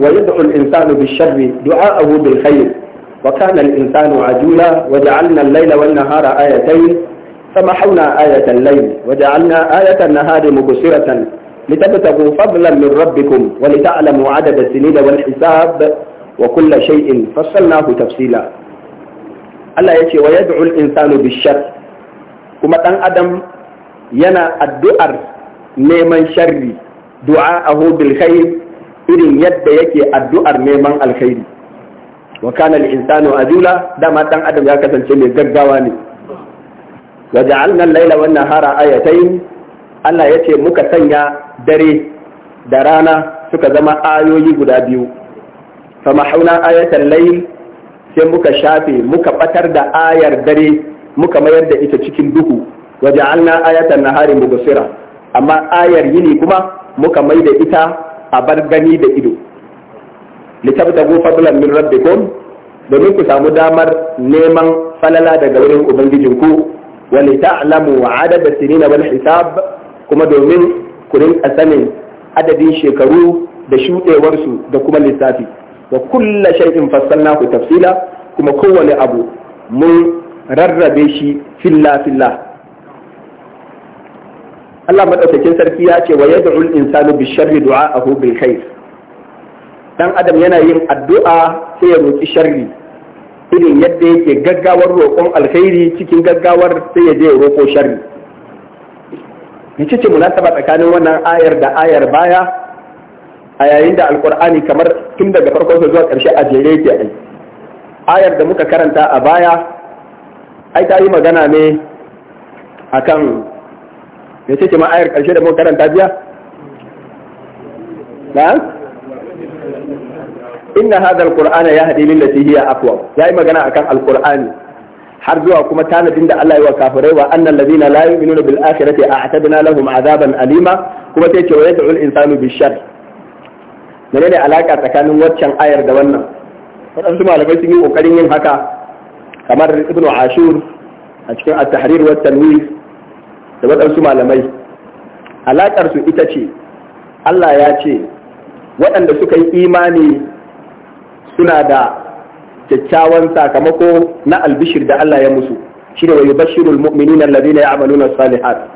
ويدعو الإنسان بالشر دعاءه بالخير وكان الإنسان عجولا وجعلنا الليل والنهار آيتين فمحونا آية الليل وجعلنا آية النهار مبصرة لتبتغوا فضلا من ربكم ولتعلموا عدد السنين والحساب وكل شيء فصلناه تفصيلا ألا ya ويدعو الإنسان بالشر كما bishar أدم ينا الدؤر yana addu'ar دعاءه بالخير irin yadda yake addu'ar neman alkhairi wa kana al-insanu azula dama dan adam ya kasance mai gaggawa ne wa ja'alna al-laila wan nahara ayatayn Allah yace muka sanya dare da rana suka zama ayoyi guda biyu fama hauna ayatan layl sai muka shafe muka batar da ayar dare muka mayar da ita cikin duhu wa ja'alna ayatan nahari mubsira amma ayar yini kuma muka mai da ita a bar gani da ido litabtagu fadlan min rabbikum domin ku samu damar neman falala daga wurin wani wa lita'lamu adada sinina wal hisab kuma domin ku rinka sanin adadin shekaru da shuɗewarsu da kuma lissafi wa kulla shay'in ku tafsila kuma kowane abu mun rarrabe shi filla filla Allah madaukakin sarki ya ce wa al insanu bi sharri du'a'ahu bil khair dan adam yana yin addu'a sai ya roki sharri irin yadda yake gaggawar roƙon alkhairi cikin gaggawar sai ya je ya roƙo sharri yace ce munasaba tsakanin wannan ayar da ayar baya a yayin da alkur'ani kamar tun daga farkon zuwa ƙarshe a jere yake ai ayar da muka karanta a baya ai ta yi magana ne akan me ce ma ayar karshe da muka karanta biya na'am inna hadha alqur'ana yahdi lillati hiya aqwam yayi magana akan alqur'ani har zuwa kuma tanadin da Allah ya wa kafirai wa annal ladina la yu'minuna bil akhirati a'tadna lahum azaban alima kuma sai ce wa yad'u al insanu bil shar menene alaka tsakanin waccan ayar da wannan wadansu malamai sun yi kokarin yin haka kamar ibnu ashur a cikin at-tahrir wa tanwir da waɗansu malamai alaƙarsu ita ce Allah ya ce waɗanda suka yi imani suna da kyakkyawan sakamako na albishir da Allah ya musu shi ne wa yubashirul mu'minina amalu na salihat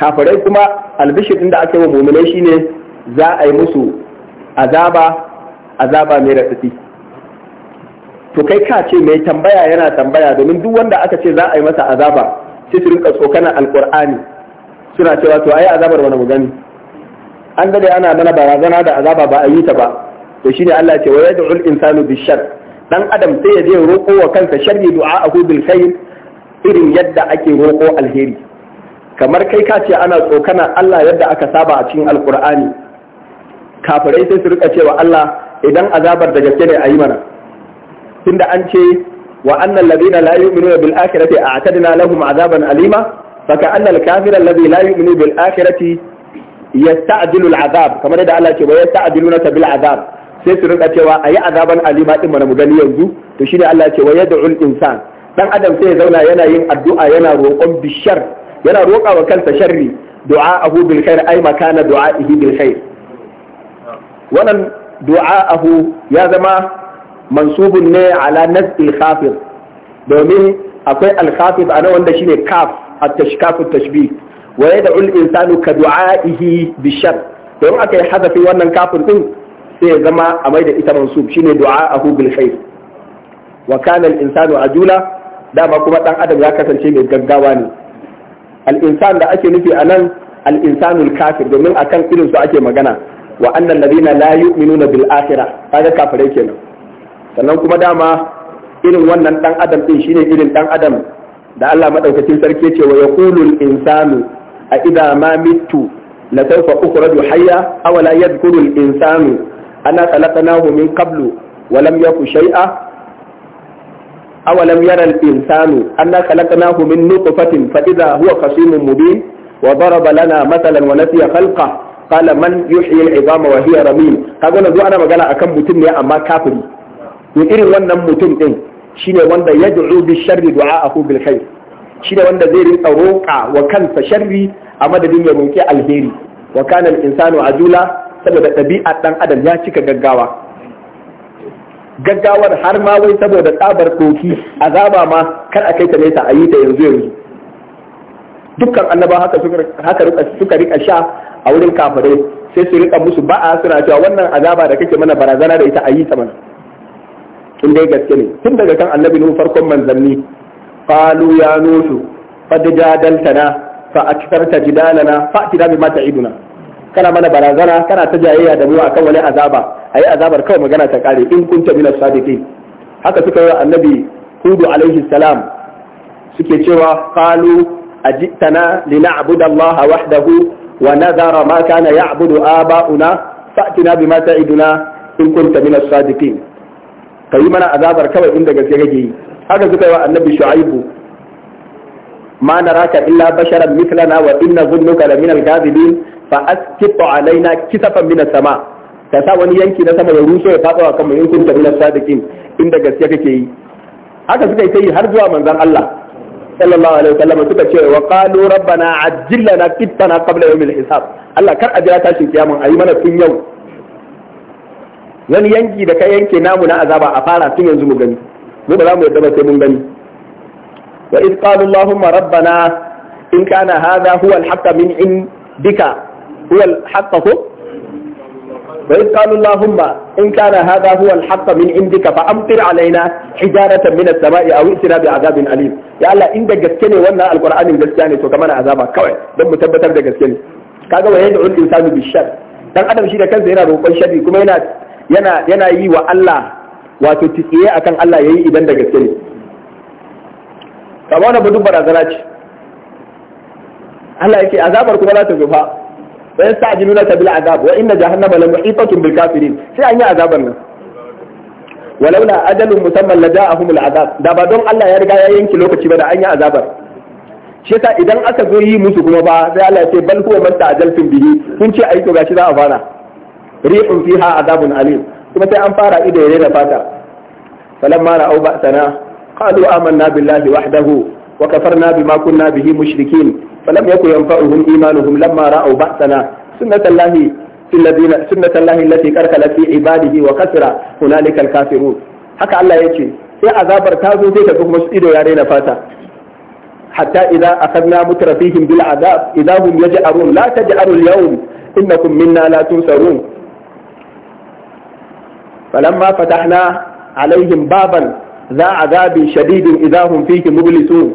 kafirai kuma albishir ɗin da aka yi wa mu'minai ne za a yi musu azaba azaba mai ratsatsi to kai ka ce mai tambaya yana tambaya domin duk wanda aka ce za a yi masa azaba sai su rinka tsokana alkur'ani suna cewa to yi azabar wani mu gani an dade ana mana barazana da azaba ba a yi ta ba to shine Allah ya ce wa yad'ul insanu bishar dan adam sai ya je roƙo wa kansa sharri du'a'ahu bil khair irin yadda ake roƙo alheri kamar kai ka ce ana tsokana Allah yadda aka saba a cikin alkur'ani kafirai sai su rika cewa Allah idan azabar da gaske ne a yi mana tunda an ce wa annal ladina la yu'minuna bil akhirati a'tadna lahum azaban alima faka annal kafira alladhi la yu'minu bil akhirati yasta'dilu al azab kamar da Allah ke wa yasta'diluna bil sai su rinka cewa yi azaban alima din mana mu gani yanzu to shine Allah ce wa yad'ul insan dan adam sai ya zauna yana yin addu'a yana roƙon bishar yana roƙa wa kansa sharri du'a'ahu bil khair ay makana du'a'ihi bil khair wannan du'a'ahu ya zama mansubun ne ala nasbi khafid domin akwai al-khafid ana wanda shine kaf at-tashkafu tashbih wa yad'u al-insanu ka du'a'ihi bi shar don aka yi hadafi wannan kafin din sai zama a mai da ita mansub shine du'a'ahu bil khair wa kana al-insanu ajula dama kuma dan adam ya kasance mai gaggawa ne al-insan da ake nufi anan al-insanu al-kafir domin akan irin su ake magana wa annal ladina la yu'minuna bil akhirah kaga kafirai kenan sannan kuma dama irin wannan dan adam din shine irin dan adam da Allah madaukakin sarki ce wa yaqulul insanu a idza ma mittu la sawfa ukhraju hayya aw la yadhkurul insanu ana khalaqnahu min qablu wa lam yaku shay'a aw lam yara al insanu anna khalaqnahu min nutfatin fa idza huwa khasimun mubin wa daraba lana mathalan wa nasiya khalqa qala man yuhyi al 'idama wa hiya ramim kaga wannan ana magana akan mutum ne amma kafiri to irin wannan mutum din shine wanda ya yad'u bi sharri du'a'ahu bil khair shine wanda zai rinka roƙa wa kansa sharri a madadin ya roƙi alheri wa kana al-insanu ajula saboda ɗabi'a ɗan adam ya cika gaggawa gaggawar har ma wai saboda tsabar ɗoki azaba ma kar a kai ta nesa a yi ta yanzu yanzu dukkan annaba haka suka rika sha a wurin kafirai sai su rika musu ba'a suna cewa wannan azaba da kake mana barazana da ita a yi ta mana in dai gaske ne tun daga kan annabi nuhu farkon manzanni qalu ya nuhu qad jadaltana fa aktarta jidalana fa atina bima ta'iduna kana mana barazana kana ta jayayya da mu akan wani azaba ayi azabar kawai magana ta kare in kunta min sadiqin haka suka yi annabi hudu alaihi salam suke cewa qalu ajitana lina'budu allaha wahdahu wa nadhara ma kana ya'budu aba'una fa'tina bima ta'iduna in kunta min sadiqin ka yi mana azabar kawai inda gaske kake yi haka suka yi wa annabi shu'aibu ma naraka illa basharan mithlana wa inna zunnuka la min al-kadhibin fa asqitu alaina kisafan min as-sama ka sa wani yanki na sama ya ruso ya fada kan mu in kunta min sadiqin inda gaske kake yi haka suka yi yi har zuwa manzon Allah sallallahu alaihi wasallam suka ce wa qalu rabbana ajjil lana qitana qabla yawm al-hisab Allah kar a jira tashin kiyamun ayi mana tun yau wani yanki da ka yanke namu na azaba a fara tun yanzu mu gani mu ba za mu yadda ba sai mun gani wa iz qalu allahumma rabbana in kana hadha huwa al-haqq min indika huwa al-haqq ko wa iz qalu allahumma in kana hadha huwa al-haqq min indika fa amtir alaina hijaratan min as-sama'i aw isra bi adabin alim ya allah inda gaske ne wannan alqur'anin gaskiya ne to kamar azaba kawai don mu tabbatar da gaske ne kaga wa yad'u al-insanu bi-shar dan adam shi da kansa yana roƙon shari kuma yana yana yana yi wa Allah wato tsiye akan Allah yayi idan da gaske ne kamar wannan duk barazana ce Allah yake azabar kuma za ta zo fa wa yasta'jiluna bil azab wa inna jahannama la muhitatun bil kafirin sai an yi azabar nan walaula ajalun musamman la ja'ahum al azab da ba don Allah ya riga ya yanki lokaci ba da an yi azabar shi yasa idan aka zo yi musu kuma ba sai Allah ya ce bal huwa man ta'ajaltum bihi kun ce ai to gashi za a fara riƙun fiha azabun alim kuma sai an fara ido ya rera fata falamma ra'au ba'sana qalu amanna billahi wahdahu wa kafarna bima kunna bihi mushrikin falam yakun yanfa'uhum imanuhum lamma الذين سنة الله التي كركلت في عباده وكسر هنالك الكافرون haka Allah ya ce sai azabar ta zo sai kuma su ido ya daina fata hatta idza mutu rafihin bil azab idza hum yaj'arun la taj'aru al yawm innakum minna la falamma fatahna alaihim baban za azabin shadidin idahum fihi mublisun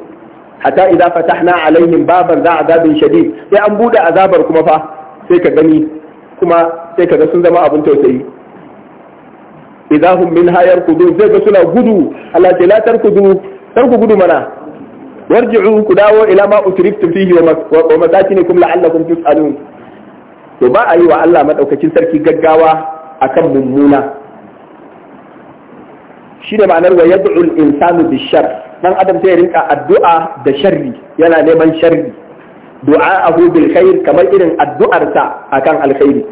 hatta idza fatahna alaihim baban za azabin shadid sai an bude azabar kuma fa sai ka gani kuma sai ka sun zama abin tausayi idahum minha yarkudun sai ga suna gudu Allah ce la tarkudu tarku gudu mana warji'u ku dawo ila ma utriftum fihi wa masakinikum la'allakum tus'alun to ba a yi wa Allah maɗaukacin sarki gaggawa akan mummuna shi ne ma'anar wa yad'u insanu bishar dan adam sai rinka addu'a da sharri yana neman sharri du'a'ahu bil khair kamar irin addu'arsa akan alkhairi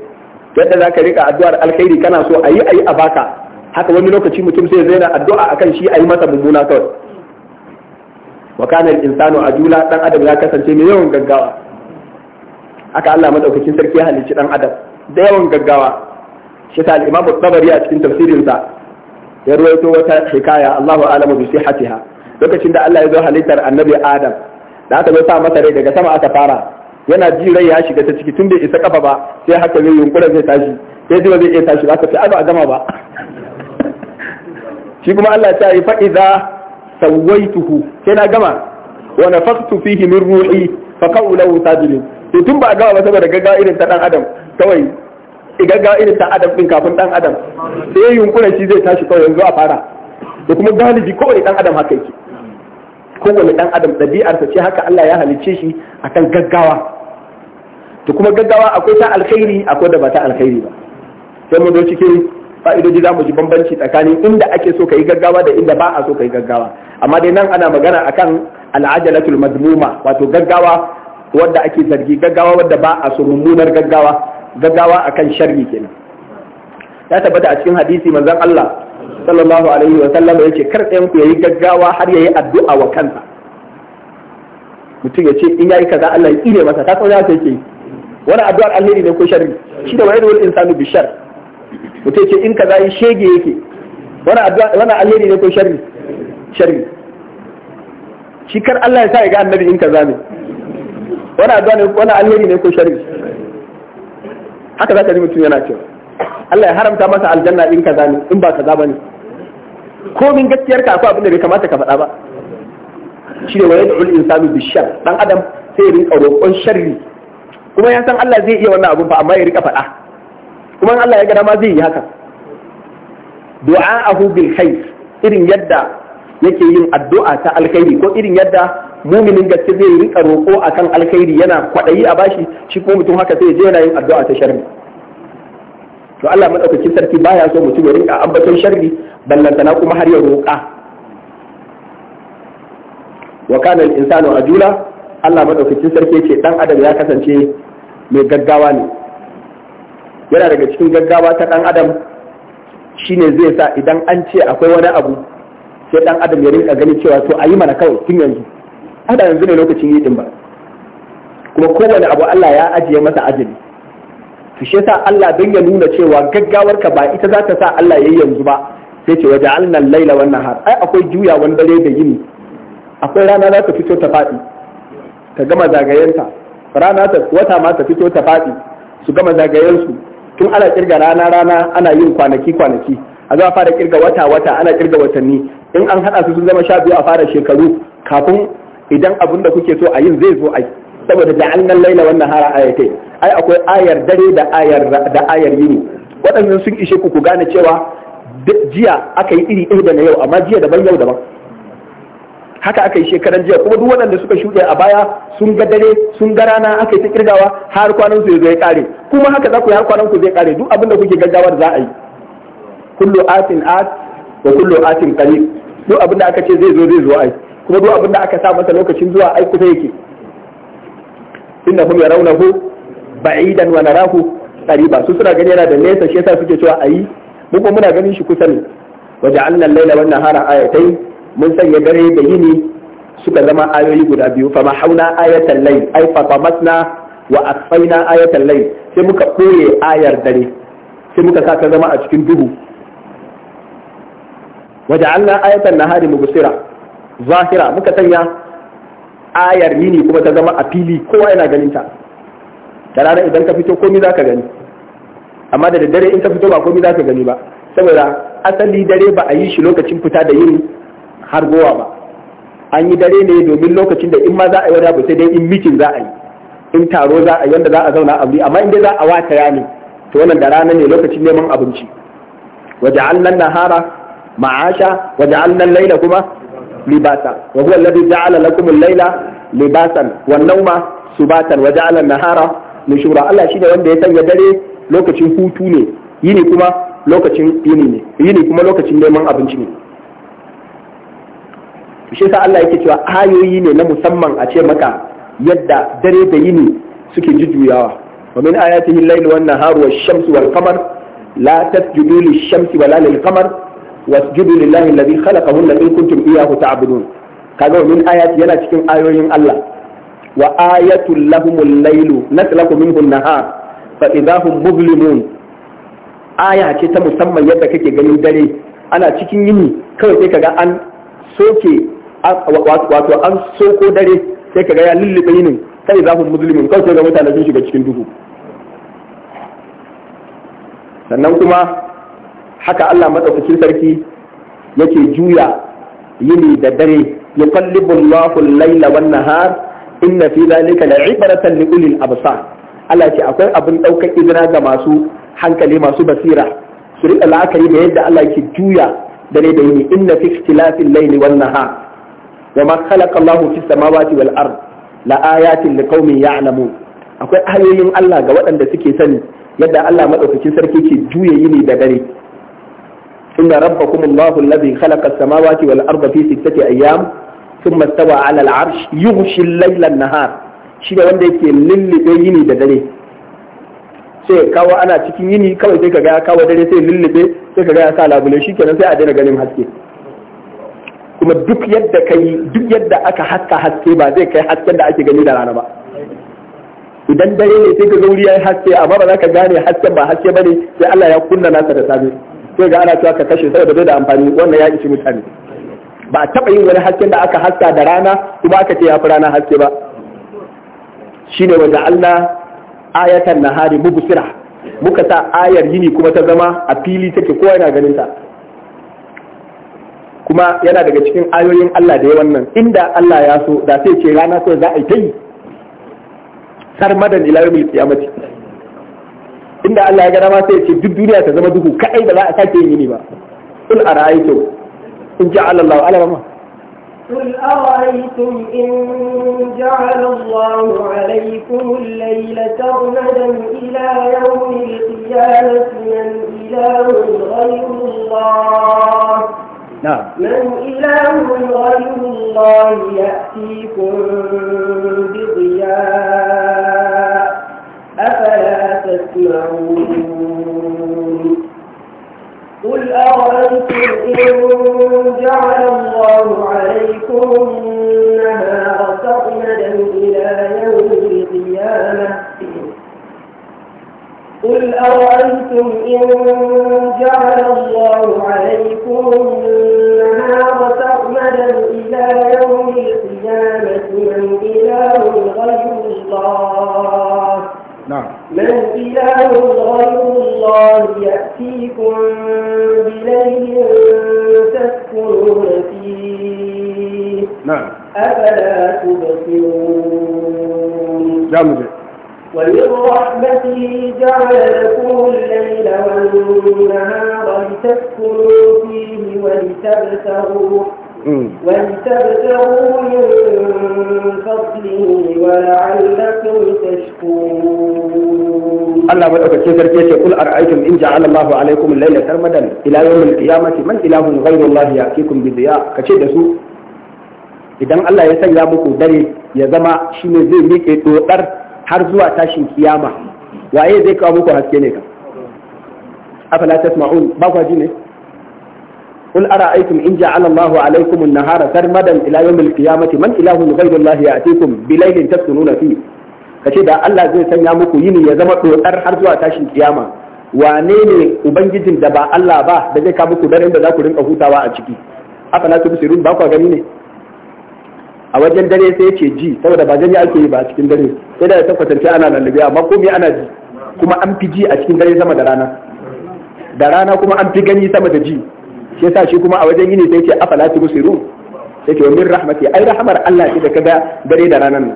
yadda zaka rika addu'ar alkhairi kana so a ayi a baka haka wani lokaci mutum sai zai na addu'a akan shi ayi masa mummuna kawai wa kana insanu ajula dan adam ya kasance mai yawan gaggawa haka Allah madaukakin sarki ya halicci dan adam da yawan gaggawa shi ta al-imam tabari a cikin tafsirinsa ya ruwaito wata hikaya Allahu a'lamu bi sihhatiha lokacin da Allah ya zo halittar annabi Adam da aka zo sa masa rai daga sama aka fara yana ji rai ya shiga ta ciki tun bai isa kafa ba sai haka zai yunkura zai tashi sai ji zai iya tashi ba ka sai a gama ba shi kuma Allah ta yi fa'iza sawaituhu sai na gama wa nafaqtu fihi min ruhi fa qawlu sajidin to tun ba a gama ba saboda gaggawa irin ta dan adam kawai gaggawa irin ta adam din kafin dan adam sai yunkurin shi zai tashi kawai yanzu a fara da kuma galibi kowane dan adam haka yake kowane dan adam ɗabi'arsa ce haka Allah ya halicce shi akan gaggawa to kuma gaggawa akwai ta alkhairi akwai da ba ta alkhairi ba sai mu zo cikin fa'idoji za mu ji bambanci tsakanin inda ake so ka yi gaggawa da inda ba a so ka yi gaggawa amma dai nan ana magana akan al'ajalatul madmuma wato gaggawa wadda ake zargi gaggawa wadda ba a so mummunar gaggawa gaggawa akan sharri kenan ya tabbata a cikin hadisi manzan Allah sallallahu alaihi wa sallam ce kar ɗayan ku yi gaggawa har ya yi addu'a wa kansa mutum ya ce in ya yi kaza Allah ya ire masa ta kauna ta yake wani addu'ar alheri ne ko sharri shi da wayar wal insanu bi shar mutum ce in kaza yi shege yake wani addu'a wani alheri ne ko sharri sharri shi kar Allah ya sa ya ga annabi in kaza ne wani addu'a wani alheri ne ko sharri haka za ka ji mutum yana cewa Allah ya haramta masa aljanna in kaza ne in ba kaza bane min gaskiyar ka akwai abin da bai kamata ka faɗa ba shi ne wayar da'ul insanu bishar dan adam sai ya rinka roƙon sharri kuma ya san Allah zai iya wannan abin fa amma ya rinka faɗa kuma Allah ya gada ma zai yi haka ahu bil khair irin yadda yake yin addu'a ta alkhairi ko irin yadda muminin gaske zai rika roƙo a kan alkhairi yana kwaɗayi a bashi shi ko mutum haka sai je yana yin addu'a ta sharri to Allah madaukaki sarki baya so mutum ya rika ambaton sharri na kuma har ya roƙa wa kana al-insanu ajula Allah madaukaki sarki ce dan adam ya kasance mai gaggawa ne yana daga cikin gaggawa ta dan adam shine zai sa idan an ce akwai wani abu sai dan adam ya rinka gani cewa to ayi mana kawai tun yanzu ada yanzu ne lokacin yi ba kuma kowane abu Allah ya ajiye masa ajali to shi yasa Allah don ya nuna cewa gaggawar ka ba ita za ta sa Allah ya yi yanzu ba sai ce waje alnan laila wannan har ai akwai juya wani dare da yini akwai rana za ta fito ta faɗi ta gama zagayenta rana ta wata ma ta fito ta faɗi su gama zagayensu tun ana kirga rana rana ana yin kwanaki kwanaki a za a fara kirga wata wata ana kirga watanni in an haɗa su sun zama sha biyu a fara shekaru kafin idan abin da kuke so a yin zai zo ai saboda ja'alnal laila wannan nahara ayatai ai akwai ayar dare da ayar da ayar yini waɗannan sun ishe ku ku gane cewa jiya aka yi iri ɗaya da na yau amma jiya daban yau daban haka aka yi shekaran jiya kuma duk waɗanda suka shuɗe a baya sun ga dare sun ga rana aka yi ta kirgawa har kwanan su zai kare kuma haka za ku yi har kwanan ku zai kare duk abin da kuke gaggawa da za a yi kullu atin at wa kullu atin qarib duk abin da aka ce zai zo zai zo ai kuma duk abin da aka sa masa lokacin zuwa ai kusa yake innahum yarawnahu ba'idan wa narahu qariba su suna gani yana da nesa shi yasa suke cewa ayi mu kuma muna ganin shi kusa ne ja'alna al-laila an nahara ayatai mun sanya dare da yini suka zama ayoyi guda biyu fa ma hauna ayatan layl ay fa tamatna wa asfaina ayatan layl sai muka koye ayar dare sai muka sa ta zama a cikin duhu ja'alna ayatan nahari mubsira zahira muka sanya ayar ne kuma ta zama a fili kowa yana ganin ta da rana idan ka fito komai zaka gani amma da daddare in ka fito ba komai zaka gani ba saboda asali dare ba a yi shi lokacin fita da yin har gowa ba an yi dare ne domin lokacin da in ma za a yi wani sai dai in mitin za a yi in taro za a yi wanda za a zauna a wuri amma in dai za a wata ne to wannan da rana ne lokacin neman abinci waje allan nahara ma'asha waje allan laila kuma libasa wa huwa alladhi ja'ala lakum al-laila libasan wan nawma subatan wa ja'ala an-nahara nushura Allah shine wanda ya sanya dare lokacin hutu ne yini kuma lokacin neman abinci ne shi Allah yake cewa hayoyi ne na musamman a ce maka yadda dare da yini suke jujjuyawa wa min ayatihi al-lailu wan-naharu wash-shamsu wal-qamar la tasjudu shamsi wala lil wasjudu lillahi alladhi khalaqahunna in kuntum iyyahu ta'budun kaga min ayati yana cikin ayoyin Allah wa ayatu lahumul lailu naslaku minhu an-nahar fa idahum mublimun aya ce ta musamman yadda kake ganin dare ana cikin yini kawai sai kaga an soke wato an soko dare sai kaga ya lullube yinin fa idahum mublimun kawai sai ga mutane sun shiga cikin duhu sannan kuma haka Allah madaukakin sarki yake juya yini da dare yuqallibu Allahu al-laila wan nahar inna fi dhalika la'ibratan li ulil absar Allah ce akwai abin daukar izina ga masu hankali masu basira su rika la'akari da yadda Allah yake juya dare da yini inna fi ikhtilafil layli wan nahar wa ma khalaqa Allahu fis samawati wal ard la ayatin liqaumin ya'lamun akwai ayoyin Allah ga waɗanda suke sani yadda Allah madaukakin sarki ke juya yini da dare inna rabbakum Allahu alladhi khalaqa as-samawati wal arda fi sittati ayyam thumma istawa 'ala al layla an-nahar shi da wanda yake lullube yini da dare sai kawo ana cikin yini kawai sai kaga ya kawo dare sai lullube sai kaga ya sa labule shikenan sai a daina ganin haske kuma duk yadda kai duk yadda aka haska haske ba zai kai hasken da ake gani da rana ba idan dare ne sai ka ga wuri ya haske amma ba za ka gane hasken ba haske bane sai Allah ya kunna nasa da safe sai ga ana cewa ka kashe saboda bai da amfani wannan ya ishi mutane ba a taɓa yin wani hasken da aka haska da rana kuma aka ce ya fi rana haske ba shine wanda Allah ayatan nahari mubsira muka sa ayar yini kuma ta zama a fili take kowa yana ganin ta kuma yana daga cikin ayoyin Allah da ya wannan inda Allah ya so da sai ce rana so za a yi ta yi madan ila yawmil qiyamati inda Allah ya ga dama sai ce duk duniya ta zama duhu kadai ba za a sake yini ba kul ara'aytum in ja'ala Allah alama قل أرأيتم إن جعل الله عليكم الليل سرمدا إلى يوم القيامة من إله غير الله من إله غير الله يأتيكم بضياء أفلا تسمعون قل أرأيتم إن جعل الله عليكم النهار سرمدا إلى يوم القيامة قل أرأيتم إن جعل الله عليكم النهار سرمدا إلى يوم القيامة من إله من إله غير الله يأتيكم بليل تسكنون فيه نعم أفلا تبصرون جامد ومن رحمته جعل لكم الليل والنهار لتسكنوا فيه ولتبتغوا Mm. Allah madaukakin sarki ya ce kul ara'aytum in ja'ala Allahu alaykum al-layla sarmadan ila yawmil qiyamati man ilahun ghayru Allah yakikum bi diya kace da su idan Allah ya sanya muku dare ya zama shine zai miƙe dodar har zuwa tashin kiyama waye zai kawo muku haske ne ka afala tasma'un ba ku ji ne قل أرأيتم إن جعل الله عليكم النهار سرمدا إلى يوم القيامة من إله غير الله يأتيكم بليل تسكنون فيه kace da Allah zai sanya muku yini ya zama dokar har zuwa tashin kiyama wane ne ubangijin da ba Allah ba da zai ka muku daren da za ku rinka hutawa a ciki haka na tubsirun ba ku gani ne a wajen dare sai ya ce ji saboda ba gani ake yi ba a cikin dare sai da ta kwatance ana lallabe amma komai ana ji kuma an fi ji a cikin dare sama da rana da rana kuma an fi gani sama da ji shi yasa shi kuma a wajen yini sai ce afala tubsirun sai ce min rahmati ai rahmar Allah ce da kaga dare da ranan nan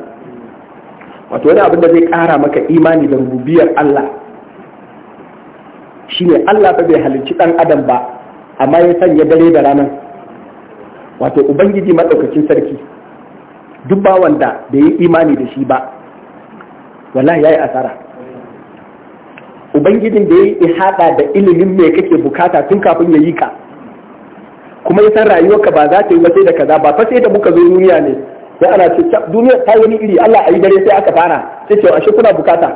wato wani abin da zai kara maka imani da rububiyar Allah shine Allah fa bai halicci dan adam ba amma ya sanya dare da ranan wato ubangiji madaukakin sarki duk wanda da bai yi imani da shi ba wallahi yayi asara ubangijin da ya yi ihada da ilimin me kake bukata tun kafin ya yi ka kuma ya san ka ba za ta yi ba sai da kaza ba fa sai da muka zo duniya ne sai ana ce duniya ta wani iri Allah a yi dare sai aka fara sai ce ashe kuna bukata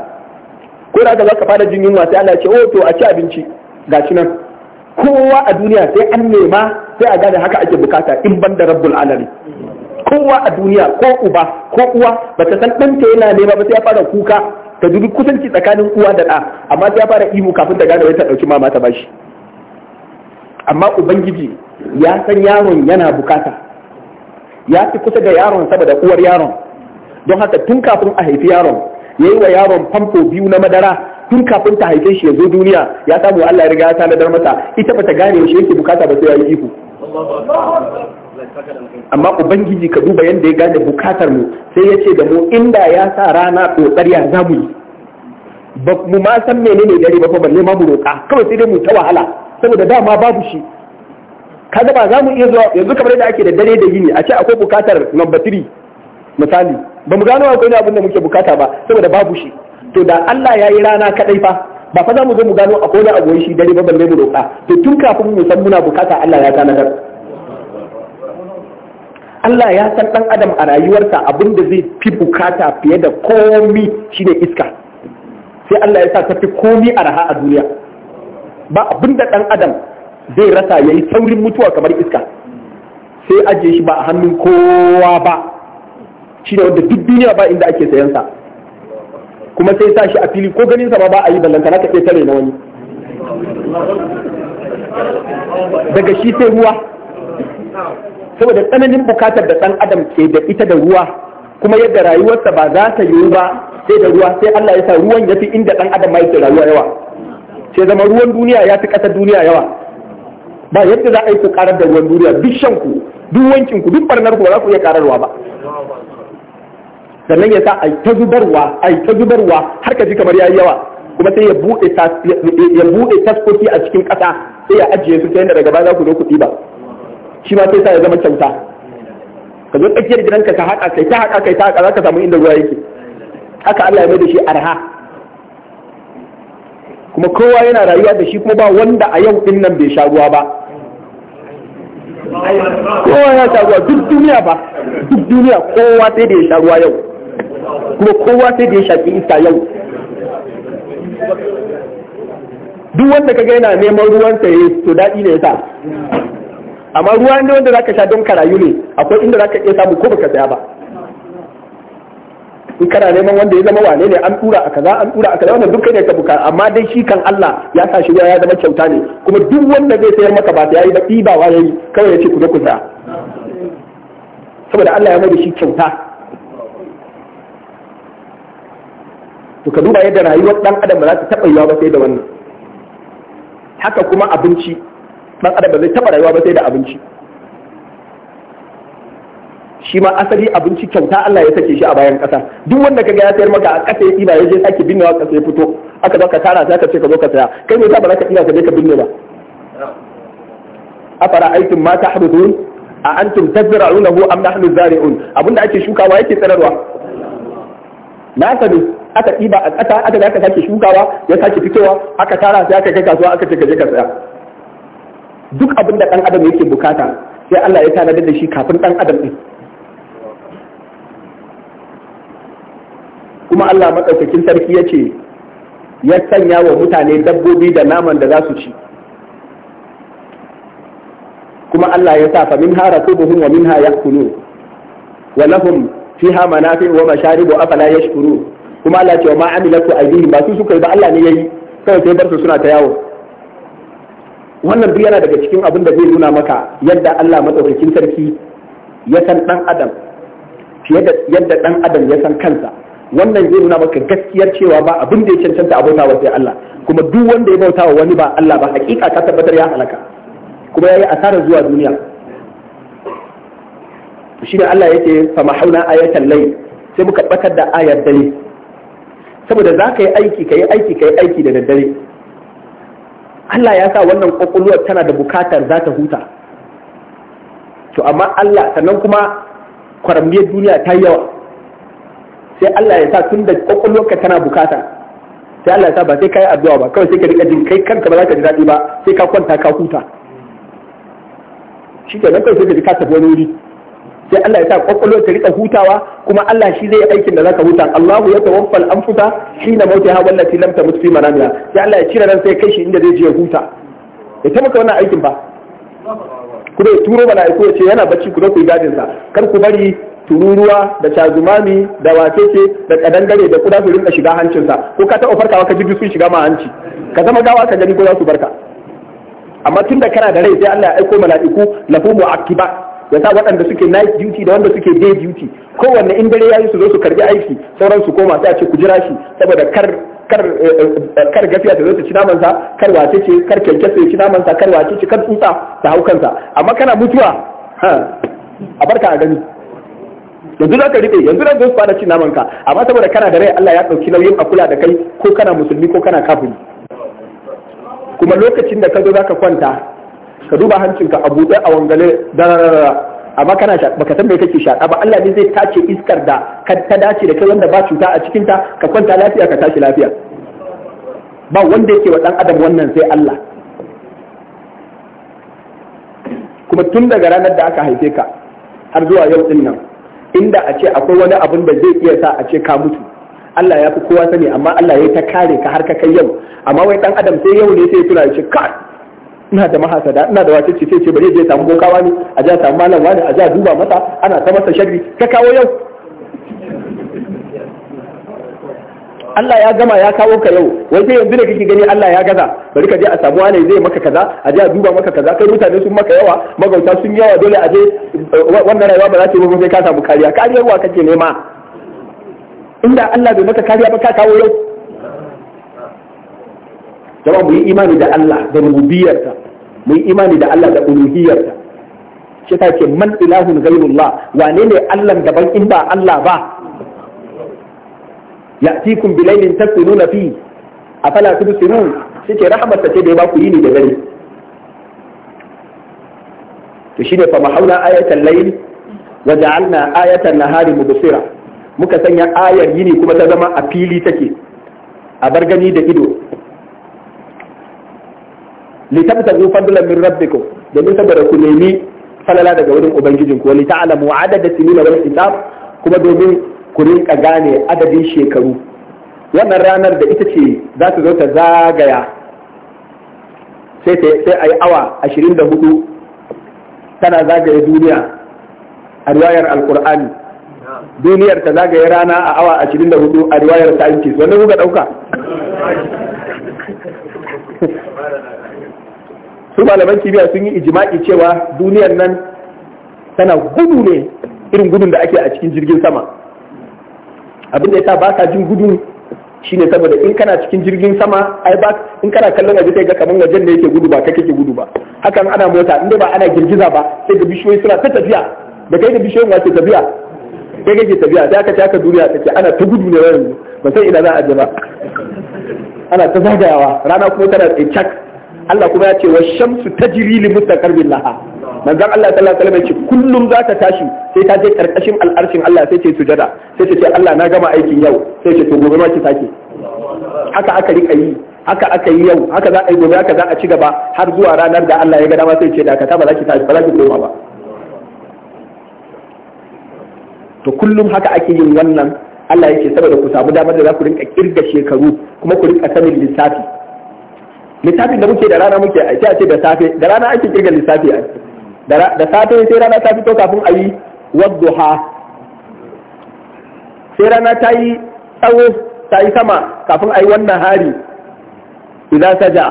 ko da za ka fara jin yunwa sai Allah ya ce oh to a ci abinci gashi nan kowa a duniya sai an nema sai a gane haka ake bukata in ban da rabbul alamin kowa a duniya ko uba ko uwa ba ta san ɗanta yana nema ba sai ya fara kuka ta dubi kusanci tsakanin uwa da ɗa amma sai ya fara ihu kafin ta gane wai ta ɗauki mama ta bashi amma ubangiji ya san yaron yana bukata ya fi kusa da yaron saboda uwar yaron don haka tun kafin a haifi yaron ya yi wa yaron famfo biyu na madara tun kafin ta haife shi ya zo duniya ya samu Allah ya riga ya tanadar masa ita bata gane shi yake bukata ba sai ya yi iko amma ubangiji ka duba yanda ya gane bukatar mu sai ya ce da mu inda ya sa rana ƙoƙarya za mu yi ba mu ma san menene dare ba fa balle ma mu roƙa kawai sai dai mu ta wahala saboda dama babu shi kaga ba za mu iya zuwa yanzu kamar yadda ake da dare da yini a ce akwai bukatar number 3 misali ba mu gano akwai abin da muke bukata ba saboda babu shi to da Allah ya yi rana kadai fa ba fa za mu zo mu gano akwai wani abu shi dare ba balle mu roƙa to tun kafin mu san muna bukata Allah ya tanadar Allah ya san dan adam a rayuwarsa abin da zai fi bukata fiye da komi shine iska sai Allah ya sa ta fi komi araha a duniya ba abin da dan adam zai rasa ya yi saurin mutuwa kamar iska sai ajiye shi ba a hannun kowa ba shi ne wanda duk duniya ba inda ake sayansa kuma sai sa shi a fili ko ganin sa ba a yi ballantana ka ke tare na wani daga shi sai ruwa saboda tsananin bukatar da ɗan adam ke da ita da ruwa kuma yadda rayuwarsa ba za ta yiwu ba sai da ruwa sai Allah ya sa ruwan ya fi inda ɗan adam ma yake rayuwa yawa sai zama ruwan duniya ya fi ƙasar duniya yawa ba yadda za a yi ku karar da ruwan duniya duk shan ku duk wankin ku duk barnar ku ba za ku iya kararwa ba sannan ya sa a ta zubarwa a ta zubarwa har ka ji kamar yayi yawa kuma sai ya bude ya bude a cikin kasa sai ya ajiye su sai daga baya za ku zo ku ba shi ma sai ya zama kyauta ka zo tsakiyar gidanka ka haƙa kai ta haƙa kai ta haƙa za ka samu inda ruwa yake haka Allah ya mai da shi arha kuma kowa yana rayuwa da shi kuma ba wanda a yau din bai sha ruwa ba kowa ya sha ruwa duk duniya ba duk duniya kowa sai da ya sha ruwa yau kuma kowa sai da ya shaƙi iska yau duk wanda kaga yana neman ruwan ya to daɗi ne yasa amma ruwa ne wanda zaka sha don karayu ne akwai inda zaka iya samu ko baka saya ba in kana neman wanda ya zama wane ne an tura a kaza an tura a kaza wannan duk kai ne ka buka amma dai shi kan Allah ya sa shi ya zama kyauta ne kuma duk wanda zai sayar maka ba yayi ba wa yayi kawai yace ce ku ku saya saboda Allah ya mai da shi kyauta to ka duba yadda rayuwar dan adam ba za ta taba yiwa ba sai da wannan haka kuma abinci dan adam ba zai taɓa rayuwa ba sai da abinci shi ma asali abinci kyauta Allah ya sake shi a bayan ƙasa duk wanda kaga ya sayar maka a ƙasa ya ɗiba ya je sake binnewa ƙasa ya fito aka zo ka tara sai ka ce ka zo ka saya kai ne ba za ka ɗiba ka je ka binne ba afara aikin ma tahdudun a antum tazra'unahu am nahnu zari'un abinda ake shukawa yake tsararwa na sani aka ɗiba a ƙasa aka aka sake shukawa ya sake fitowa aka tara sai aka kai kasuwa aka ce ka je ka saya duk abinda ɗan adam yake bukata sai Allah ya tanadar da shi kafin ɗan adam ɗin kuma Allah maɗaukakin sarki ya ce ya sanya wa mutane dabbobi da naman da za su ci kuma Allah ya sa fa min hara kubuhum wa minha yakulu wa lahum fiha manafi'u wa masharibu afala yashkuru kuma Allah ce wa ma amilatu yi ba su suka yi ba Allah ne ya yi kawai sai bar su suna ta yawo wannan duk yana daga cikin abin da zai nuna maka yadda Allah matsaukakin sarki ya san ɗan adam fiye da yadda ɗan adam ya san kansa wannan zai nuna maka gaskiyar cewa ba abin da ya cancanta a bautawa sai Allah kuma duk wanda ya bautawa wani ba Allah ba hakika ka tabbatar ya halaka kuma yayi asarar zuwa duniya shi ne Allah yake fa hauna ayatan lay sai muka bakar da ayar dare saboda za ka yi aiki ka yi aiki ka yi aiki da daddare Allah ya sa wannan kwakwalwar tana da bukatar za ta huta to amma Allah sannan kuma kwarambiyar duniya ta yi yawa sai Allah ya sa tun da kwakwalwarka tana bukata sai Allah ya sa ba sai ka yi addu'a ba kawai sai ka rika jin kai kanka ba za ka ji daɗi ba sai ka kwanta ka huta shi ke nan kawai sai ka ji ka tafi wani wuri sai Allah ya sa kwakwalwar ta rika hutawa kuma Allah shi zai yi aikin da za ka huta Allahu ya tawaffal anfusa hina mautaha wallati lam tamut fi manamiha sai Allah ya cire nan sai kai shi inda zai je ya huta ya ta maka wannan aikin ba ku dai turo mala'iku ya ce yana bacci ku da ku gadin sa kar ku bari tururuwa da shazumami da wacece da kadangare da kuda su rinka shiga hancinsa ko ka taɓa farkawa ka ji sun shiga ma hanci ka zama gawa ka gani ko za su barka amma tun tunda kana da rai sai Allah ya aiko mala'iku lahu mu'aqibat ya sa waɗanda suke night duty da wanda suke day duty kowanne in dare yayi su zo su karbi aiki sauran su koma sai a ce ku jira shi saboda kar kar eh, kar gafiya ta zo ta ci naman sa kar wace ce kar kyankyasa sai ci naman sa kar wace ce kar tsutsa ta hau kansa amma kana mutuwa a barka a gani yanzu za ka rike yanzu za su fara cin naman ka amma saboda kana da rai Allah ya ɗauki nauyin a kula da kai ko kana musulmi ko kana kafiri kuma lokacin da ka zo za ka kwanta ka duba hancinka a buɗe a wangale dararara amma kana baka san me kake sha. ba Allah ne zai tace iskar da ka ta dace da kai wanda ba cuta a cikin ta ka kwanta lafiya ka tashi lafiya ba wanda yake wa dan adam wannan sai Allah kuma tun daga ranar da aka haife ka har zuwa yau din nan inda a ce akwai wani abin da zai iya sa a ce ka mutu Allah ya fi kowa sani amma Allah ya ta kare ka har ka kai yau amma wai dan adam sai yau ne sai tura ya ce ka ina da mahasada ina da wace ce ce bari je samu bokawa ne a ja samu malam wani a ja duba masa ana ta masa sharri ka kawo yau Allah ya gama ya kawo ka yau wai sai yanzu ne kake gani Allah ya gaza bari ka je a samu wani zai maka kaza a je a duba maka kaza kai mutane sun maka yawa magauta sun yawa dole a je eh, wannan rayuwa ba za ta yi ba sai ka samu kariya kariyar wa kake nema inda Allah bai maka kariya ba ka kawo yau jama'a mu yi imani da Allah da rububiyarsa mu yi imani da Allah da uluhiyarsa shi ta ce man ilahun ghayrullah wane ne Allah daban in ba Allah ba ya'tikum bilailin taskununa fi afala tubsirun shike rahmat ce da ya baku yini da dare to shine fa mahauna ayatan layl wa ja'alna ayatan nahari mubsira muka sanya ayar yini kuma ta zama a fili take a bar gani da ido litabtagu fadlan min rabbikum domin saboda ku nemi falala daga wurin ubangijinku wa li ta'lamu adada sinina wal hisab kuma domin ku rinka gane adadin shekaru wannan ranar da ita ce za ta zo ta zagaya sai a yi awa ashirin da hudu tana zagaya duniya a riwayar alkur'ani duniyar ta zagaya rana a awa ashirin da hudu a riwayar wanda ku kuka ɗauka su malaman kimiyya sun yi ijimaki cewa duniyar nan tana gudu ne irin gudun da ake a cikin jirgin sama abin da yasa ba ka jin gudun ne saboda in kana cikin jirgin sama ai ba in kana kallon waje sai ga kamar wajen da yake gudu ba kake ke gudu ba hakan ana mota inda ba ana girgiza ba sai ga bishiyoyi suna ta tafiya da kai da bishiyoyin wace tafiya kai kake tafiya sai aka taka duniya take ana ta gudu ne yanzu ba sai ina za a je ba ana ta zagayawa rana kuma tana tsaye Allah kuma ya ce wa shamsu tajri li mustaqarrin laha manzon Allah sallallahu alaihi wasallam ce kullum za ta tashi sai ta je karkashin al'arshin Allah sai ce sujada sai ta ce Allah na gama aikin yau sai ce to gobe ma ki sake haka aka rika yi haka aka yi yau haka za a yi gobe haka za a ci gaba har zuwa ranar da Allah ya ga dama sai ce dakata ba za ki tashi ba za ki koma ba to kullum haka ake yin wannan Allah yake saboda ku samu damar da za ku rinka kirga shekaru kuma ku rinka sanin lissafi littafin da muke da rana muke a ce da safe da rana ake kirga lissafi a da safe sai rana ta fito kafin a yi wadduha sai rana ta yi tsawo ta yi sama kafin a yi wannan hari idan ta ja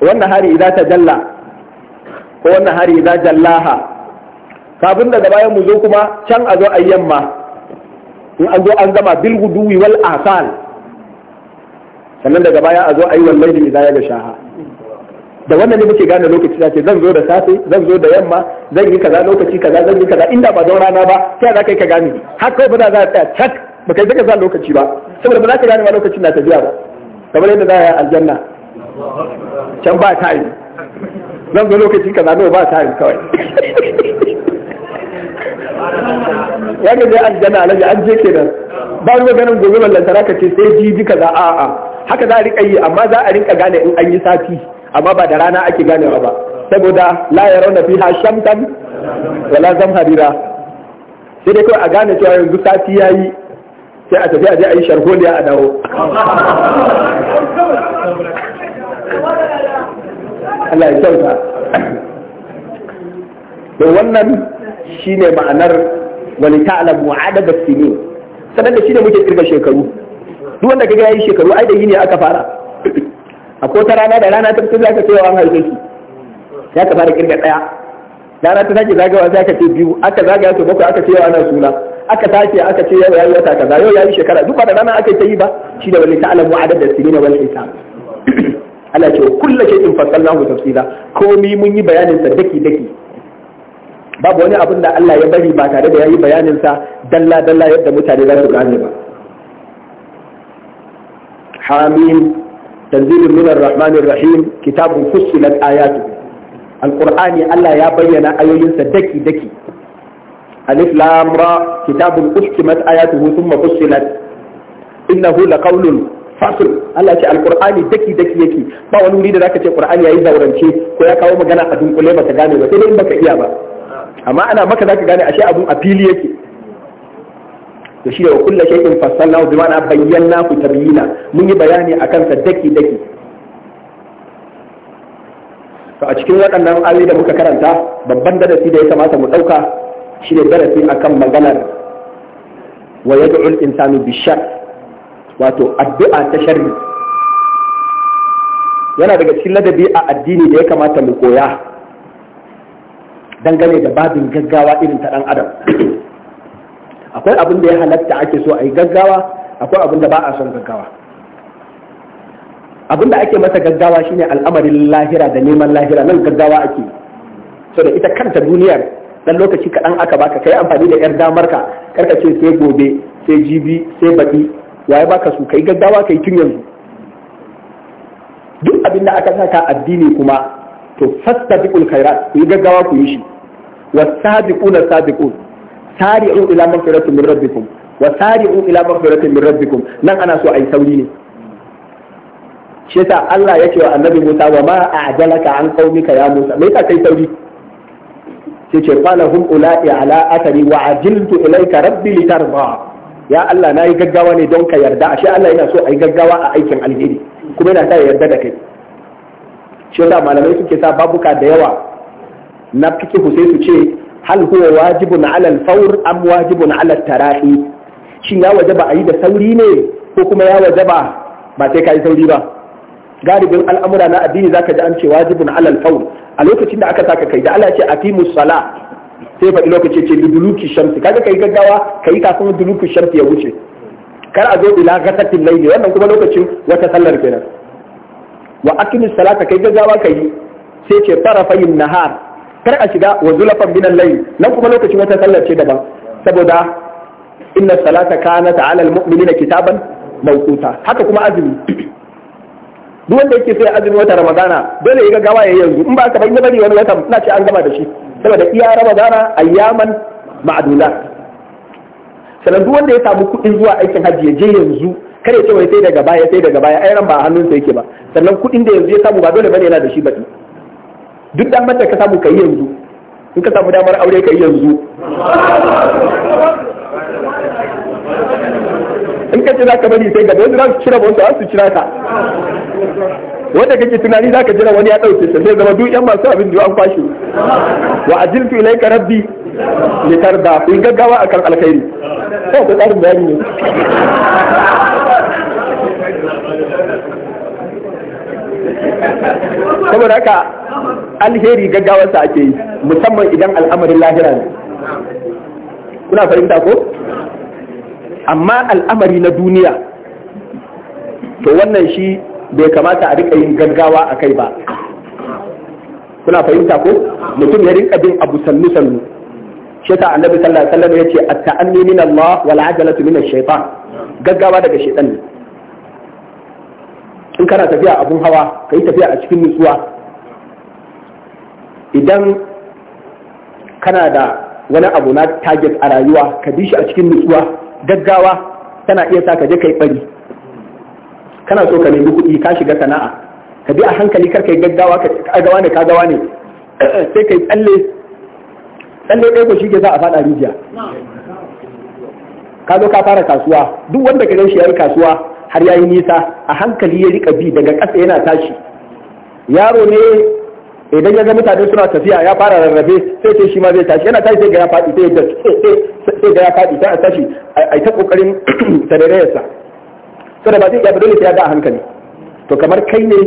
wannan hari idan ta jalla ko wannan hari idan jallaha kafin daga bayan mu zo kuma can a zo a yamma in an zo an gama bil guduwi wal asal sannan daga baya a zo a yi wallahi idan ya ga shaha da wannan ne muke gane lokaci ce zan zo da safe zan zo da yamma zan yi kaza lokaci kaza zan yi kaza inda ba don rana ba sai za kai ka gane haka ba za a tsaya cak ba kai zaka za lokaci ba saboda ba za ka gane ma lokacin na tafiya ba kamar yadda za a yi aljanna can ba yi zan zo lokaci kaza nawa ba yi kawai ya ga dai aljanna alaji an je kenan ba wani ganin gobe ballantara ka ce sai ji ji kaza a'a haka za a rika yi amma za a rinka gane in an yi sati amma ba da rana ake ganewa ba saboda la yarawna fiha shamtan wala zamharira sai dai kawai a gane cewa yanzu sati yayi sai a tafi a je a yi sharholiya a dawo Allah ya kyauta da wannan shine ma'anar wani ta'lamu adada sinin sanan da ne muke kirga shekaru duk wanda kaga yayi shekaru ai da yini aka fara akwai ta rana da rana ta fito zaka cewa an haife shi ya ka fara kirga daya rana ta sake zagawa zaka ce biyu aka zagaya sau bakwai aka ce yau ana suna aka sake aka ce yau yayi wata kaza yau yayi shekara duk da rana aka ta yi ba shi da wani ta'alamu adad da sinina wal hisab Allah ce kullu shay'in fassalnahu tafsila komai mun yi bayanin sa daki daki babu wani abin da Allah ya bari ba tare da yayi bayanin sa dalla dalla yadda mutane za su gane ba حاميم تنزيل من الرحمن الرحيم كتاب فصلت آياته القرآن الله يا بينا أيوين دكي دكي ألف لام را كتاب أحكمت آياته ثم فصلت إنه لقول Allah ce alqur'ani daki daki yake ba wani wuri da zaka ce ya yayi zaurance ko ya kawo magana a dunkule baka gane ba sai dai in baka iya ba amma ana maka zaka gane ashe abun a fili yake da shi wa kullu shay'in fassalnahu bi ma'ana bayyana ku tabiyina mun yi bayani akan kansa daki daki to a cikin waɗannan ayoyi da muka karanta babban darasi da ya kamata mu ɗauka shine darasi akan maganar wa yad'u al-insanu bishar wato addu'a ta sharri yana daga cikin ladabi a addini da ya kamata mu koya dangane da babin gaggawa irin ta ɗan adam akwai abin da ya halatta ake so a yi gaggawa akwai abin da ba a son gaggawa abin da ake masa gaggawa shine al'amarin lahira da neman lahira nan gaggawa ake so da ita kanta duniyar dan lokaci kaɗan aka baka kai amfani da 'yar damar ka karka ce sai gobe sai jibi sai baɗi waye baka su kai gaggawa kai tun yanzu duk abin da aka saka addini kuma to fastabiqul khairat ku yi gaggawa ku yi shi wasabiquna sabiqun sari'u ila magfiratin min rabbikum wa sari'u ila magfiratin min rabbikum nan ana so ai sauri ne shi yasa Allah yake wa annabi Musa wa ma a'jalaka an qaumika ya Musa me yasa kai sauri sai ce qala hum ula'i ala athari wa ajiltu ilayka rabbi litarda ya Allah nayi gaggawa ne don ka yarda ashe Allah yana so ai gaggawa a aikin alheri kuma yana sa ya yarda da kai shi yasa malamai suke sa babuka da yawa na fikihu sai su ce hal huwa wajibun ala al-fawr am wajibun ala tarahi shin ya wajaba ayi da sauri ne ko kuma ya wajaba ba sai kai sauri ba galibin al'amura na addini zaka ji an ce wajibun ala al-fawr a lokacin da aka saka kai da Allah ya ce aqimus sala sai faɗi lokaci ce duluki shamsi kaga kai gaggawa kai kafin duluki shamsi ya wuce kar a zo ila ghasatil layli wannan kuma lokacin wata sallar kenan wa aqimus salata kai gaggawa kai sai ce farafayin nahar kar a shiga wa zulafan min al nan kuma lokacin wata sallar ce daban saboda inna salata kana ta'ala al-mu'minina kitaban mawquta haka kuma azumi duk wanda yake sai azumi wata ramadana dole ya ga gawa yanzu in ba ka bayyana bari wani wata ina ce an gama da shi saboda iya ramadana ayyaman ma'dula Sannan duk wanda ya samu kuɗin zuwa aikin hajji ya je yanzu kare cewa sai daga baya sai daga baya ai ran ba hannunsa yake ba sannan kuɗin da yanzu ya samu ba dole bane yana da shi ba duk dan mace ka samu ka yi yanzu in ka samu damar aure ka yi yanzu in ka ce za ka bari sai gaba yanzu za su cira wanda su cira ka wanda kake tunani za ka jira wani ya dauke ta zai zama duk yan masu abin da an kwashe wa ajiltu ilaika rabbi li tarda in gaggawa akan alkhairi to ka tsarin bayani ne saboda haka alheri gaggawarsa ake yi musamman idan al'amarin lahira ne kuna fahimta ko amma al'amari na duniya to wannan shi bai kamata a rika yin gaggawa a kai ba kuna fahimta ko mutum ya rinka bin abu sannu sannu shi ta annabi sallallahu alaihi wasallam yace at-ta'anni min Allah wal ajalatu min ash-shaytan gaggawa daga shaytan ne in kana tafiya abun hawa kai tafiya a cikin nutsuwa idan kana da wani abu na target a rayuwa ka bi shi a cikin nutsuwa gaggawa tana iya sa ka je kai bari kana so ka nemi kuɗi ka shiga sana'a ka bi a hankali kar kai gaggawa ka gawa ne ka gawa ne sai kai tsalle tsalle ɗaya ko shi ke za a faɗa rijiya ka zo ka fara kasuwa duk wanda ka shi ya yi kasuwa har ya yi nisa a hankali ya rika bi daga ƙasa yana tashi yaro ne idan ya ga mutane suna tafiya ya fara rarrabe sai ce shi ma zai tashi yana tashi sai ga ya faɗi sai da sai ga ya faɗi sai a tashi ai ta kokarin tarerayarsa saboda ba zai iya dole sai ya ga a hankali to kamar kai ne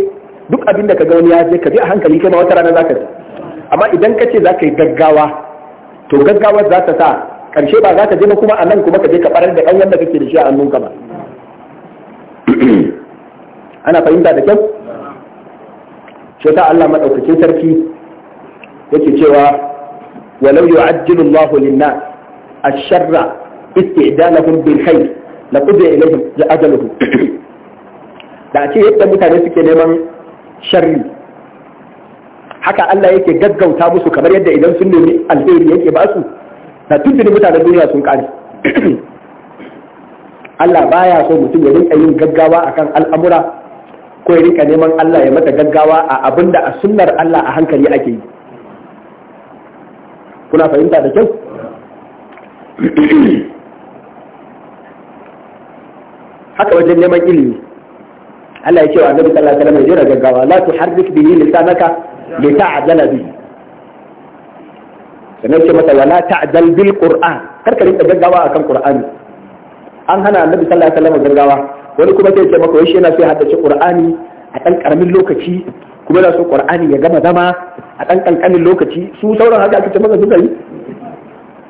duk abin da ka ga wani ya je ka bi a hankali kai ma wata rana zaka ji amma idan ka ce zaka yi gaggawa to gaggawa za ta sa karshe ba za ka je ba kuma a nan kuma ka je ka barar da ɗan wanda kake da shi a hannunka ba ana fahimta da kyau shi ta Allah madaukakin sarki yake cewa walau yu'ajjilu Allah lin a sharra isti'dalahum bil khayr la qudiya ilayhim ajaluhum da a ce yadda mutane suke neman sharri haka Allah yake gaggauta musu kamar yadda idan sun nemi alheri yake ba su da tuntuni mutanen duniya sun kare Allah baya so mutum ya rinka yin gaggawa akan al'amura ko ya rika neman Allah ya mata gaggawa a abin da a sunnar Allah a hankali ake yi kuna fahimta da kyau haka wajen neman ilimi Allah ya ce wa Annabi sallallahu alaihi wasallam ya gaggawa la tuharrik bihi lisanaka li ta'jala bihi sannan ce mata wala ta'jal bil qur'an karka rinka gaggawa akan qur'ani an hana annabi sallallahu alaihi wasallam gargawa wani kuma sai ce maka wai shi yana so ya haddace qur'ani a dan karamin lokaci kuma yana so qur'ani ya gama zama a dan kankanin lokaci su sauran haka ake ce maka suka yi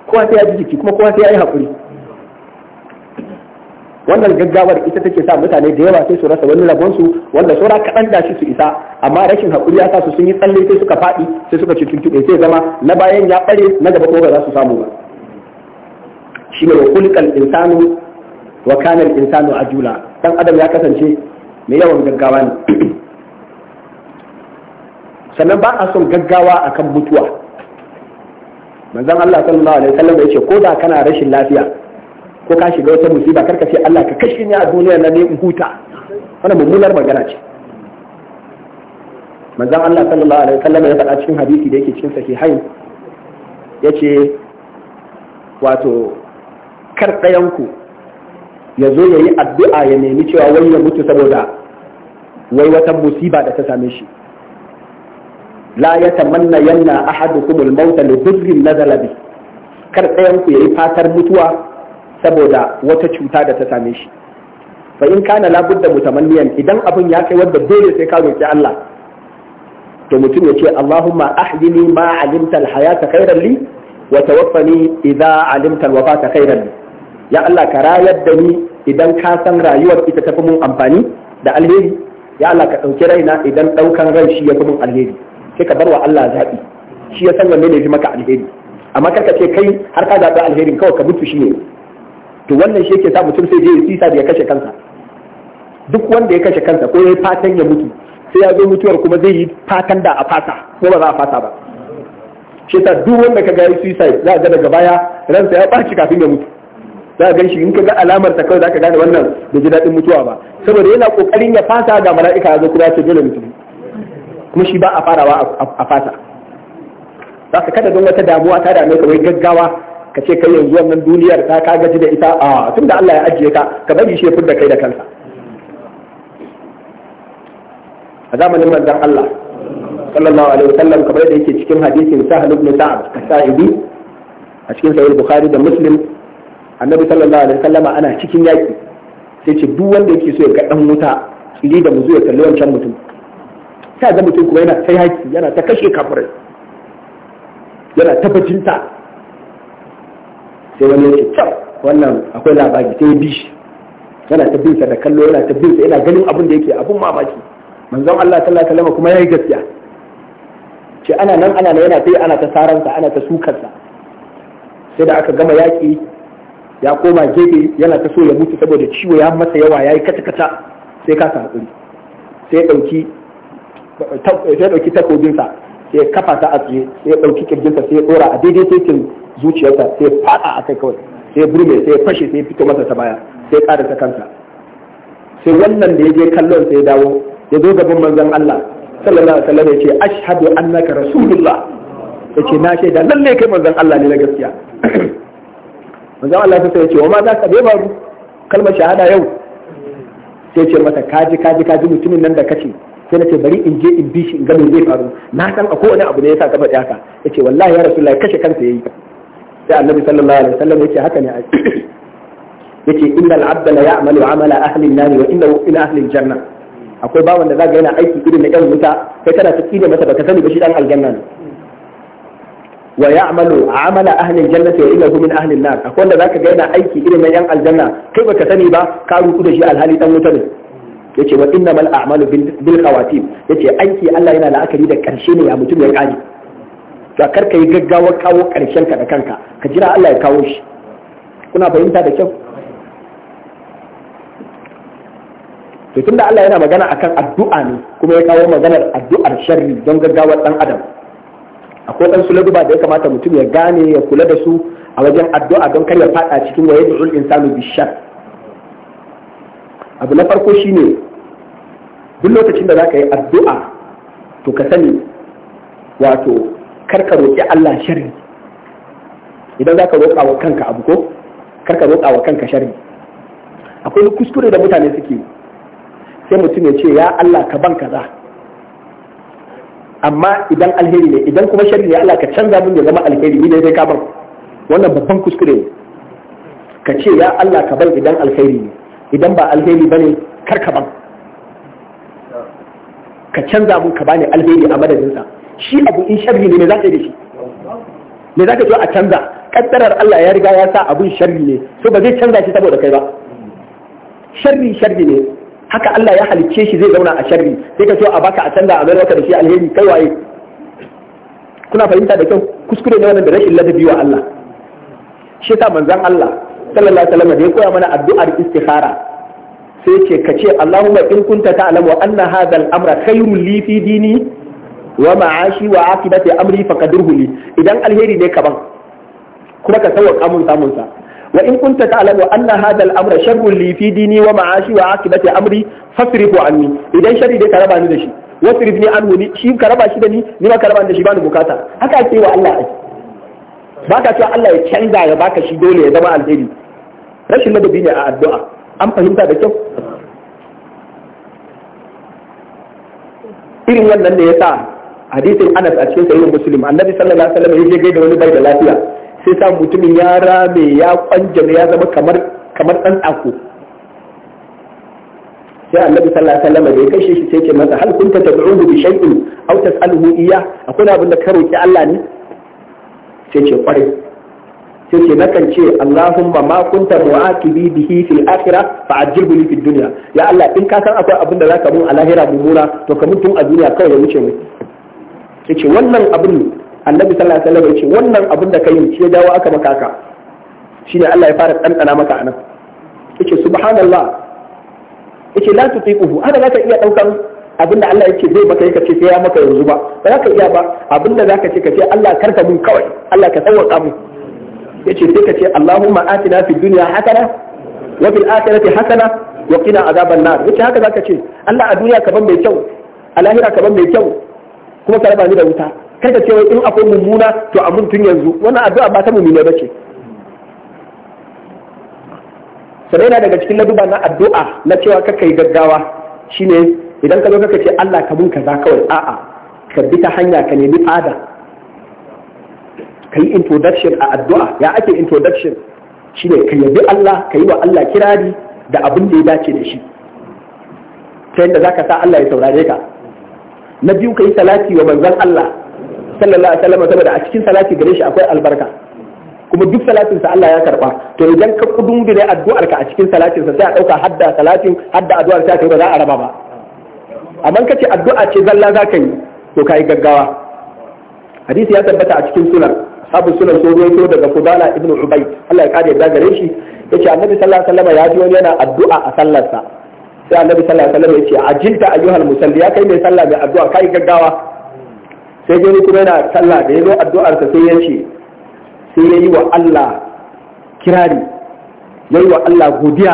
kowa sai ya ji jiki kuma kowa sai ya yi hakuri wannan gaggawar ita take sa mutane da yawa sai su rasa wani rabon su wanda saura kaɗan da shi su isa amma rashin haƙuri ya sa su sun yi tsalle sai suka faɗi sai suka ci tuntube sai zama na bayan ya ɓare na gaba ko ba za su samu ba shi ne kulikal insanu wa kana al-insanu ajula dan adam ya kasance mai yawan gaggawa ne sannan ba a son gaggawa akan mutuwa manzon Allah sallallahu alaihi wasallam ya ce ko da kana rashin lafiya ko ka shiga wata musiba karka ce Allah ka kashe ni a duniyar nan ne in huta wannan mummunar magana ce manzon Allah sallallahu alaihi wasallam ya faɗa cikin hadisi da yake cikin ya yace wato kar ku. ya zo ya yi addu'a ya nemi cewa wai ya mutu saboda wai wata musiba da ta same shi la ya tamanna yanna ahadu al-mauta li dhurrin nazala kar ɗayan ku yi fatar mutuwa saboda wata cuta da ta same shi fa in kana la budda mutamanniyan idan abin ya kai wanda dole sai ka roki Allah to mutum ya ce Allahumma ahyini ma alimta al-hayata khayran li wa tawaffani idha alimta al-wafata li ya Allah ka rayar da ni idan ka san rayuwar ita ta fi mun amfani da alheri ya Allah ka ɗauki raina idan ɗaukan ran shi ya fi mun alheri sai ka bar wa Allah zaɓi shi ya san wanne ne fi maka alheri amma karka ce kai har ka zaɓi alherin kawai ka mutu shi ne to wannan shi yake sa mutum sai je ya sisa da ya kashe kansa duk wanda ya kashe kansa ko ya yi fatan ya mutu sai ya zo mutuwar kuma zai yi fatan da a fasa ko ba za a fasa ba shi sa duk wanda ka ga ya suicide za a ga daga baya ransa ya ɓaci kafin ya mutu za ka gan shi in ka ga alamar ta kawai za ka gane wannan da ji daɗin mutuwa ba saboda yana ƙoƙarin ya fasa ga mala'ika ya zo kuma ce dole mutum kuma shi ba a farawa a fasa za ka kada don wata damuwa ta dame ka wai gaggawa ka ce kai yanzu wannan duniyar ta ka gaji da ita a tun da Allah ya ajiye ka ka bari shi ya da kai da kansa a zamanin manzon Allah sallallahu alaihi wasallam kamar da yake cikin hadisin Sahal ibn Sa'ad as-Sa'idi a cikin sahih Bukhari da Muslim annabi sallallahu alaihi wasallam ana cikin yaki sai ce duk wanda yake so ya ga dan wuta tsiri da muzu ya kalli wancan mutum sai ga mutum kuma yana ta yaki yana ta kashe kafirai yana ta bajinta sai wani yake ce wannan akwai labari sai ya bi shi yana ta bin sa da kallo yana ta bin sa yana ganin abin da yake abun mamaki manzon Allah sallallahu alaihi wasallam kuma yayi gaskiya ce ana nan ana nan yana ta ana ta saransa ana ta sukarsa sai da aka gama yaki ya koma gefe yana ta so ya mutu saboda ciwo ya masa yawa ya yi kata-kata sai ka sa hakuri sai ya ɗauki takobinsa sai ya kafa ta a tsaye sai ɗauki kirjinsa sai ya ɗora a daidai saitin zuciyarsa sai ya faɗa a kai kawai sai ya burme sai ya fashe sai ya fito masa ta baya sai ya ta kansa sai wannan da ya je kallon sai ya dawo ya zo gaban manzon Allah sallallahu alaihi wasallam ya ce ashhadu annaka rasulullah ya ce na shaida lalle kai manzon Allah ne na gaskiya manzon Allah sai ya ce wa ma za ka bai babu kalmar shahada yau sai ce masa kaji kaji kaji mutumin nan da kace sai na ce bari in je in bi shi in ga me zai faru na san a wani abu ne yasa ka faɗi haka yace wallahi ya rasulullahi kashe kansa yayi sai annabi sallallahu alaihi wasallam yace haka ne yace innal abda la ya'malu amala ahli an-nar wa innahu ila ahli al-janna akwai bawan da zaga yana aiki irin na yan wuta Sai kana ta kine masa baka sani ba shi dan aljanna ne wa ya'malu amala ahli aljannati wa innahu min ahli an-nar akwai wanda zaka ga yana aiki irin na yan aljanna kai baka sani ba ka ruku da shi alhali dan wuta ne yace wa innamal a'malu bil khawatim yace aiki Allah yana la'akari da karshe ne ya mutum ya kare to kar ka yi gaggawar kawo karshen ka da kanka ka jira Allah ya kawo shi kuna fahimta da kyau to tunda Allah yana magana akan addu'a ne kuma ya kawo maganar addu'ar sharri don gaggawar dan adam akwai ɗan laduba da ya kamata mutum ya gane ya kula da su a wajen addu'a don kar ya fada cikin waye da ul insanu bishar abu na farko shine duk lokacin da za ka yi addu'a to ka sani wato karka roƙi Allah sharri idan za ka roƙa wa kanka abu ko karka roƙa wa kanka sharri akwai kuskure da mutane suke sai mutum ya ce ya Allah ka ban kaza amma idan alheri ne idan kuma shari'a ne Allah ka canza mun ya zama alheri ni ne dai kaban wannan babban kuskure ne ka ce ya Allah ka bar idan alheri ne idan ba alheri bane kar ka ban ka canza mun ka bani alheri a madadin sa shi abu in sharri ne me za ka yi da shi me za ka so a canza kaddarar Allah ya riga ya sa abun sharri ne so ba zai canza shi saboda kai ba sharri sharri ne haka Allah ya halicce shi zai zauna a sharri sai ka ce a baka a canza a mayar maka da shi alheri kai waye kuna fahimta da kyau kuskure ne wannan da rashin ladabi wa Allah shi yasa manzon Allah sallallahu alaihi wasallam da ya koya mana addu'ar istikhara sai ce ka ce Allahumma in kunta ta'lamu anna hadha al-amra khairul li fi dini wa ma'ashi wa aqibati amri faqdirhu li idan alheri ne ka ban kuma ka sauka mun samun sa wa in kunta ta'lamu anna hadha al-amra sharrun li fi dini wa ma'ashi wa akibati amri fasrifu anni idan sharri dai ka raba ni da shi wasrif ni anhu ni shi ka raba shi da ni ni ma ka raba ni da shi ba ni bukata haka ake wa Allah ake baka cewa Allah ya canza ya baka shi dole ya zama alheri rashin ladabi ne a addu'a an fahimta da kyau irin wannan ne yasa hadisin Anas a cikin sahih Muslim annabi sallallahu alaihi wasallam ya je gaida wani bai da lafiya sai sa mutumin ya rame ya kwanjame ya zama kamar kamar dan tsako sai annabi sallallahu alaihi wasallam ya kashe shi sai ce masa hal kunta tad'uhu bi shay'in aw tas'aluhu iya akwai abin da ka roki Allah ne sai ce kwarai sai ce nakan ce Allahumma ma kunta mu'aqibi bihi fil akhirah fa'ajjilhu li fid dunya ya Allah in ka san akwai abin da zaka mun a lahira mumura to ka mun tun a duniya kawai ya wuce mu yace wannan abin ne. annabi sallallahu alaihi wasallam ya ce wannan abin da kai shi ya dawo aka maka ka shine Allah ya fara ɗanɗana maka anan yace subhanallah yace la tutiquhu ana zaka iya daukan abin da Allah yake zai maka yake ce sai ya maka yanzu ba ba za ka iya ba abin da zaka ce ka ce Allah karka mun kawai Allah ka tsawaka mu yace sai ka ce Allahumma atina fid dunya hasana wa fil akhirati hasana wa qina azaban nar yace haka zaka ce Allah a duniya ka ban mai kyau a lahira ka ban mai kyau kuma ka raba ni da wuta kada cewa in akwai mummuna to a tun yanzu wannan addu'a ba ta mummuna ba ce sai yana daga cikin laduba na addu'a na cewa kaka kai gaggawa shine idan ka zo kaka ce Allah ka mun kaza kawai a'a ka bi ta hanya ka nemi fada ka yi introduction a addu'a ya ake introduction shine ka yabi Allah ka yi wa Allah kirari da abin da ya dace da shi ta yadda za ka sa Allah ya saurare ka na biyu ka yi salati wa manzon Allah sallallahu alaihi wasallam saboda a cikin salati gare shi akwai albarka kuma duk salatin sa Allah ya karba to idan ka kudumbire addu'ar ka a cikin salatin sa sai a dauka hadda salatin hadda addu'ar ta kai ba za a raba ba amma kace addu'a ce zalla za ka yi to kai gaggawa hadisi ya tabbata a cikin sunan abu sunan so ruwaito daga fudala ibnu ubayd Allah ya kare da gare shi yace annabi sallallahu alaihi wasallam ya ji wani yana addu'a a sallarsa sai annabi sallallahu alaihi wasallam yace ajilta ayyuhal musalli ya kai mai sallah mai addu'a kai gaggawa sai jini kuma yana sallah da ya zo ta sai ya ce sai ya yi wa Allah kirari ya yi wa Allah godiya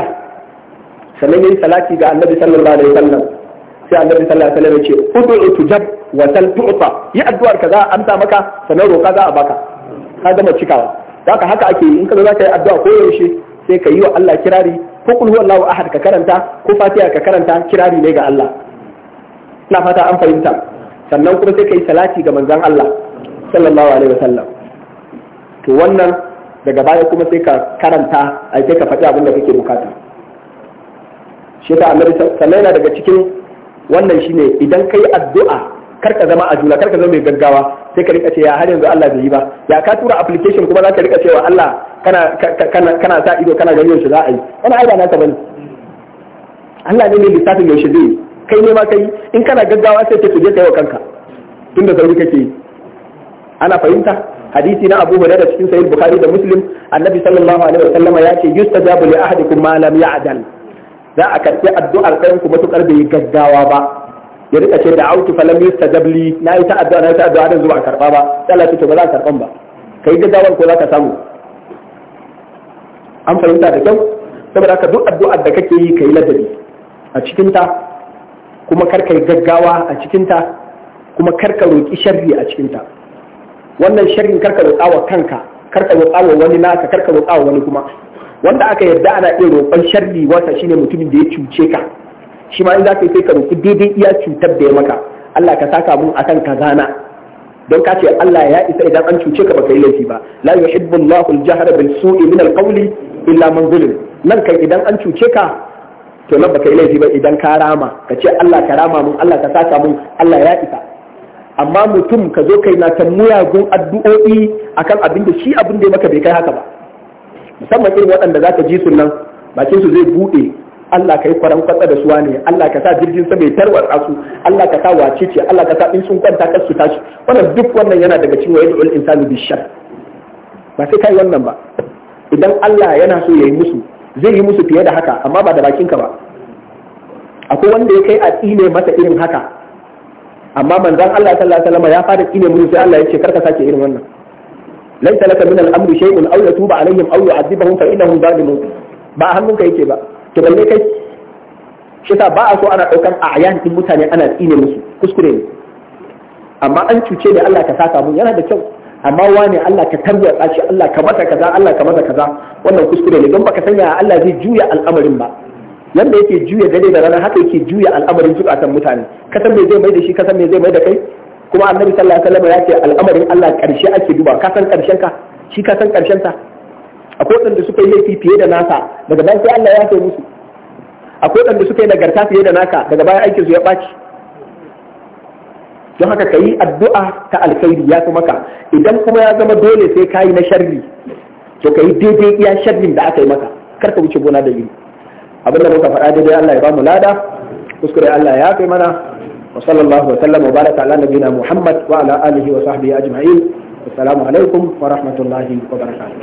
sannan ya yi salati ga annabi sallallahu alaihi wasallam sai annabi sallallahu alaihi wasallam ya ce ud'u tujab wa sal tu'ta yi addu'ar ka za a amsa maka sannan roƙa za a baka ka gama cikawa haka haka ake yi in ka zo za ka yi addu'a ko yaushe sai ka yi wa Allah kirari ko kul huwallahu ahad ka karanta ko fatiha ka karanta kirari ne ga Allah ina fata an fahimta sannan kuma sai ka yi salati ga manzan Allah sallallahu alaihi wasallam to wannan daga baya kuma sai ka karanta a sai ka faɗi abin da kake bukata shi ta amir sannan yana daga cikin wannan shine idan ka yi addu'a kar ka zama a juna kar ka zama mai gaggawa sai ka rika ce ya har yanzu Allah bai yi ba ya ka tura application kuma za ka rika cewa Allah kana kana kana sa ido kana ganin shi za a yi wannan ai na ta bane Allah ne mai lissafin yaushe zai yi kai ne ma ka yi? in kana gaggawa sai ka je kai wa kanka tunda sauri kake yi ana fahimta hadisi na Abu Hurairah cikin Sahih Bukhari da Muslim Annabi sallallahu alaihi wasallama ya ce yustajabu li ahadikum ma lam ya'dal za a karɓi addu'ar ɗayan ku matukar bai gaggawa ba ya rika ce da autu falam yustajab li na yi ta addu'a na yi ta addu'a da zuwa karɓa ba sai Allah ce ba za ka karɓan ba kai gaggawar ko za ka samu an fahimta da kyau saboda ka duk addu'ar da kake yi kai ladabi a cikin ta kuma karka gaggawa a cikinta kuma karka roƙi sharri a cikinta wannan sharrin karka roƙa wa kanka karka roƙa wa wani naka karka roƙa wa wani kuma wanda aka yarda ana iya roƙon sharri wata shine mutumin da ya cuce ka shi ma in za ka yi sai ka roƙi daidai iya cutar da ya maka Allah ka saka mun akan kazana don ka ce Allah ya isa idan an cuce ka baka yi laifi ba la yuhibbu Allahu al-jahra bil su'i min al illa man zulim nan kai idan an cuce ka to nan baka yi laifi ba idan ka rama ka ce Allah ka rama mun Allah ka saka mun Allah ya isa amma mutum ka zo kai na ta muyagun addu'o'i akan abin da shi abin da maka bai kai haka ba musamman irin waɗanda za ka ji su nan bakin su zai buɗe Allah ka yi kwaran kwatsa da suwa ne Allah ka sa jirgin sa bai tarwar su Allah ka sa wace ce Allah ka sa in sun kwanta kar su tashi wannan duk wannan yana daga cikin wayar ul insani shar ba sai kai wannan ba idan Allah yana so ya yi musu zai yi musu fiye da haka amma ba da bakinka ba akwai wanda ya kai a tsine masa irin haka amma manzon Allah sallallahu alaihi ya fara tsine mun sai Allah ya ce karka sake irin wannan laisa laka min al-amri shay'un aw yatuba alaihim aw yu'adhibahum fa innahum zalimun ba hannunka yake ba to balle kai shi ba a so ana daukar ayan din mutane ana tsine musu kuskure ne amma an cuce da Allah ka saka mun yana da kyau amma wane Allah ka tarwatsa shi Allah ka mata kaza Allah ka mata kaza wannan kuskure ne don baka sanya Allah zai juya al'amarin ba yanda yake juya dare da rana haka yake juya al'amarin zukatan mutane Ka san me zai mai da shi san me zai mai da kai kuma annabi sallallahu alaihi wasallam ya ce al'amarin Allah karshe ake duba ka san karshen ka shi ka san karshen ta akwai wanda suka yi laifi fiye da nasa daga bayan sai Allah ya kai musu akwai wanda suka yi nagarta fiye da naka daga bayan aikin su ya ɓaci don haka ka yi addu'a ta alkhairi ya fi maka idan kuma ya zama dole sai ka yi na sharri to ka yi daidai iya sharrin da aka yi maka kar ka wuce gona da yi abin da muka faɗa daidai Allah ya ba mu lada kuskure Allah ya fi mana wa sallallahu wa sallam wa baraka ala nabiyina Muhammad wa ala alihi wa sahbihi ajma'in assalamu alaikum wa rahmatullahi wa barakatuh